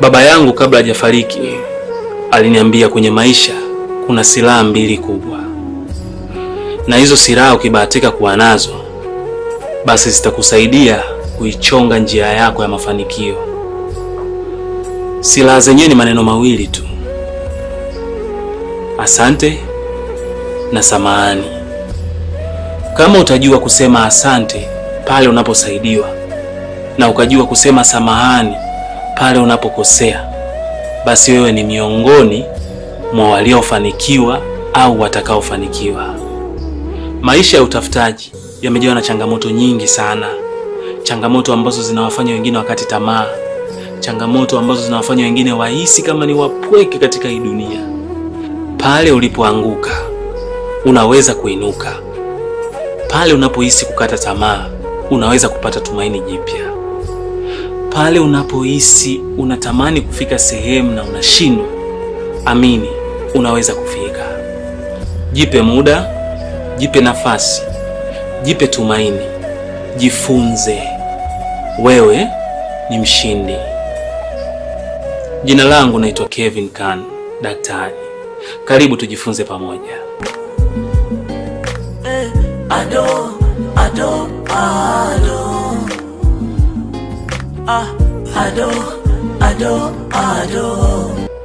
Baba yangu kabla hajafariki aliniambia kwenye maisha kuna silaha mbili kubwa, na hizo silaha ukibahatika kuwa nazo, basi zitakusaidia kuichonga njia yako ya mafanikio. Silaha zenyewe ni maneno mawili tu, asante na samahani. Kama utajua kusema asante pale unaposaidiwa na ukajua kusema samahani pale unapokosea, basi wewe ni miongoni mwa waliofanikiwa au watakaofanikiwa. Maisha ya utafutaji yamejawa na changamoto nyingi sana, changamoto ambazo zinawafanya wengine wakati tamaa, changamoto ambazo zinawafanya wengine wahisi kama ni wapweke katika hii dunia. Pale ulipoanguka unaweza kuinuka, pale unapohisi kukata tamaa unaweza kupata tumaini jipya. Pale unapohisi unatamani kufika sehemu na unashindwa, amini, unaweza kufika. Jipe muda, jipe nafasi, jipe tumaini, jifunze. Wewe ni mshindi. Jina langu naitwa Kevin Khan, daktari. Karibu tujifunze pamoja. Eh, I don't, I don't, I... ah, ado, ado, ado.